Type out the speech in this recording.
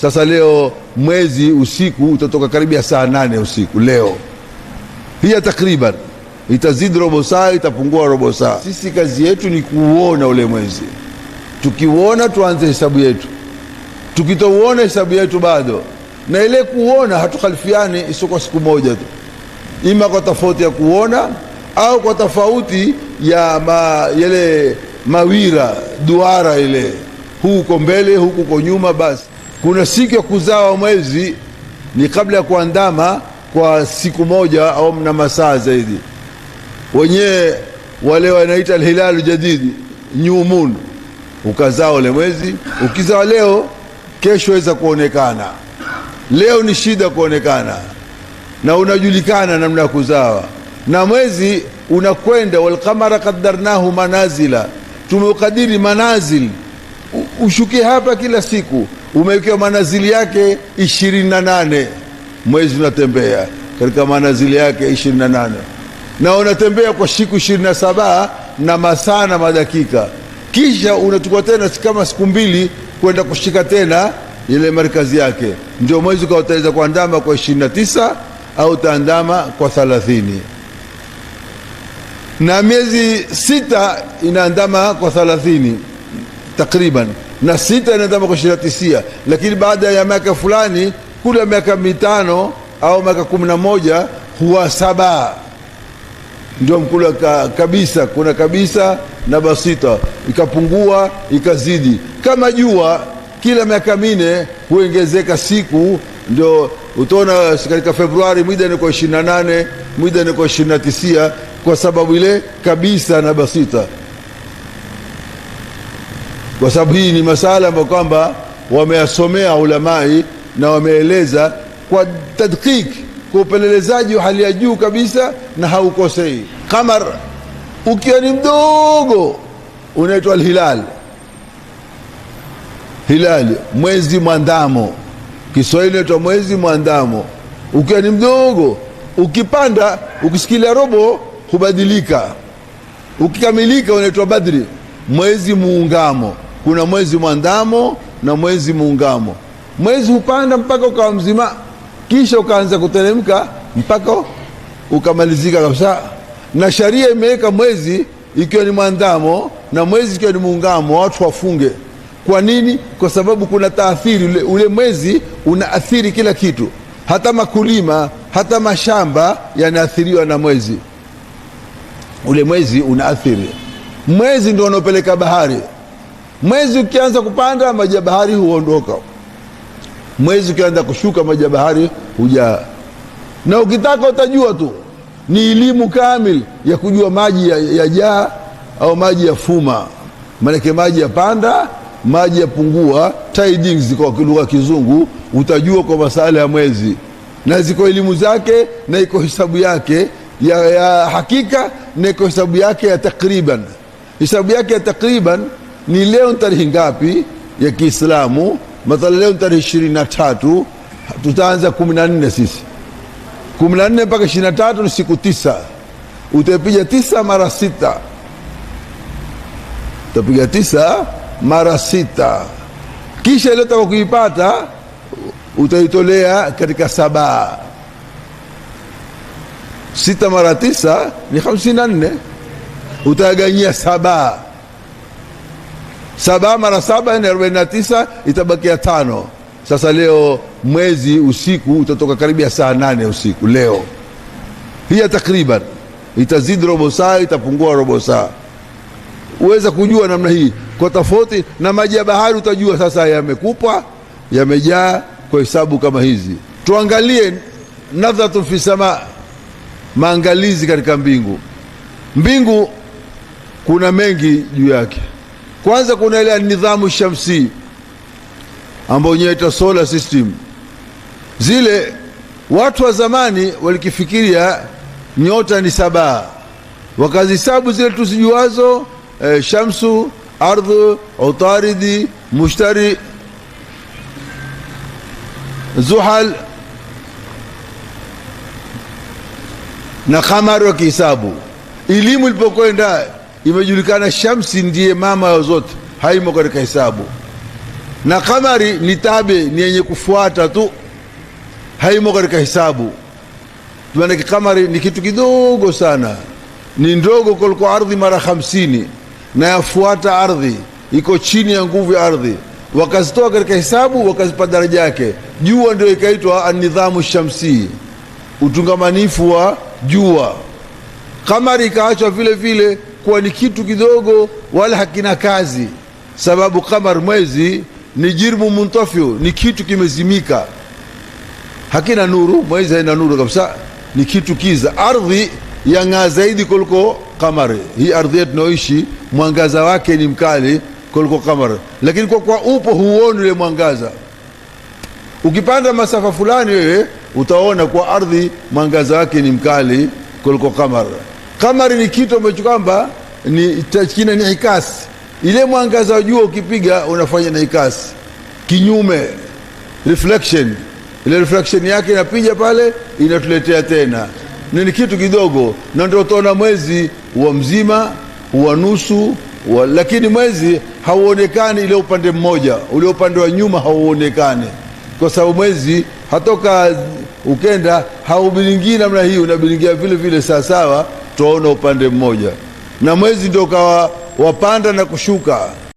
Sasa leo mwezi usiku utatoka karibia saa nane usiku leo, hiya takriban itazidi robo saa, itapungua robo saa. Sisi kazi yetu ni kuuona ule mwezi, tukiuona tuanze hesabu yetu, tukitouona hesabu yetu bado. Na ile kuona hatukhalifiani isiokuwa siku moja tu, ima kwa tofauti ya kuona au kwa tofauti ya ma, yale mawira duara ile, huu uko mbele, huku uko nyuma, basi kuna siku ya kuzawa mwezi ni kabla ya kuandama kwa siku moja au mna masaa zaidi. Wenyewe wale wanaita alhilalu jadidi, new moon, ukazaa ule mwezi. Ukizaa leo, kesho weza kuonekana. Leo ni shida kuonekana, na unajulikana namna ya kuzawa, na mwezi unakwenda. Walqamara qaddarnahu manazila, tumeukadiri manazil, ushuke hapa kila siku umewekewa manazili yake ishirini na nane mwezi unatembea katika manazili yake ishirini na nane na unatembea kwa siku ishirini na saba na masaa na madakika, kisha unachukua tena kama siku mbili kwenda kushika tena ile markazi yake, ndio mwezi ukawa utaweza kuandama kwa ishirini na tisa au utaandama kwa thalathini na miezi sita inaandama kwa thalathini takriban na sita inaenda mpaka ishirini na tisia, lakini baada ya miaka fulani kula miaka mitano au miaka kumi na moja huwa saba ndio mkula ka, kabisa kuna kabisa na basita ikapungua ikazidi kama jua kila miaka mine huongezeka siku ndio utaona katika Februari mwida ni kwa ishirini na nane mwida ni kwa ishirini na tisia kwa sababu ile kabisa na basita kwa sababu hii ni masala ambayo kwamba wameyasomea ulamai na wameeleza kwa tadkiki, kwa upelelezaji wa hali ya juu kabisa, na haukosei. Kamar ukiwa ni mdogo unaitwa alhilal, hilali, mwezi mwandamo. Kiswahili unaitwa mwezi mwandamo ukiwa ni mdogo. Ukipanda, ukishikilia robo hubadilika, ukikamilika unaitwa badri, mwezi muungamo kuna mwezi mwandamo na mwezi muungamo. Mwezi hupanda mpaka ukawa mzima, kisha ukaanza kuteremka mpaka ukamalizika kabisa. Na sharia imeweka mwezi ikiwa ni mwandamo na mwezi ikiwa ni muungamo, watu wafunge. Kwa nini? Kwa sababu kuna taathiri ule, ule mwezi unaathiri kila kitu, hata makulima, hata mashamba yanaathiriwa na mwezi. Ule mwezi unaathiri, mwezi ndio unaopeleka bahari Mwezi ukianza kupanda maji ya bahari huondoka, mwezi ukianza kushuka maji ya bahari hujaa, na ukitaka utajua tu. Ni elimu kamili ya kujua maji ya, ya jaa au maji ya fuma, maanake maji ya panda, maji ya pungua, tidings kwa lugha kizungu, utajua kwa masala ya mwezi, na ziko elimu zake na iko hisabu yake ya, ya hakika na iko hisabu yake ya takriban. Hisabu yake ya takriban ni leo tarehe ngapi ya Kiislamu? Mathala leo tarehe ishirini na tatu, tutaanza kumi na nne sisi kumi na nne mpaka ishirini na tatu ni siku tisa. Utapiga tisa mara sita, utapiga tisa mara sita, kisha ile utaka kuipata utaitolea katika saba. Sita mara tisa ni hamsini na nne, utaganyia saba saba mara saba ni tisa itabakia tano. Sasa leo mwezi usiku utatoka karibia saa nane usiku leo, hiya takriban itazidi robo saa, itapungua robo saa. Uweza kujua namna hii kwa tofauti na maji ya bahari, utajua sasa yamekupa yamejaa. Kwa hesabu kama hizi, tuangalie nadhatu fi sama, maangalizi katika mbingu. Mbingu kuna mengi juu yake. Kwanza kuna ile nidhamu shamsi ambayo nyeita solar system, zile watu wa zamani walikifikiria nyota ni saba, wakazisabu zile tuzijuazo, e, eh, shamsu, ardhu, utaridi, mushtari, zuhal na kamari, wakihesabu. Elimu ilipokwenda imejulikana shamsi ndiye mama ya zote, haimo katika hesabu, na kamari ni tabe, ni yenye kufuata tu, haimo katika hesabu. Maanake kamari ni kitu kidogo sana, ni ndogo kuliko ardhi mara hamsini, na yafuata ardhi, iko chini ya nguvu ya ardhi wakazitoa katika hesabu wakazipa daraja yake. Jua ndio ikaitwa anidhamu shamsi, utungamanifu wa jua. Kamari ikaachwa vile vile kuwa ni kitu kidogo wala hakina kazi, sababu kamar, mwezi ni jirmu muntafiu, ni kitu kimezimika, hakina nuru. Mwezi haina nuru kabisa, ni kitu kiza. Ardhi yang'aa zaidi kuliko kamari. Hii ardhi yetu tunaoishi mwangaza wake ni mkali kuliko kamari, lakini kwa kuwa upo huoni ule mwangaza. Ukipanda masafa fulani, wewe utaona kwa ardhi mwangaza wake ni mkali kuliko kamari. Kamari ni kitu ambacho kwamba ni kina ni ikasi, ile mwangaza wa jua ukipiga unafanya na ikasi kinyume, reflection. Ile reflection yake inapija pale inatuletea tena, ni kitu kidogo, na ndio utaona mwezi wa mzima wa nusu wa, lakini mwezi hauonekani ile upande mmoja, ule upande wa nyuma hauonekani kwa sababu mwezi hatoka ukenda haubilingi namna hii, unabilingia vile vile sawasawa tuona upande mmoja, na mwezi ndio ukawa wapanda na kushuka.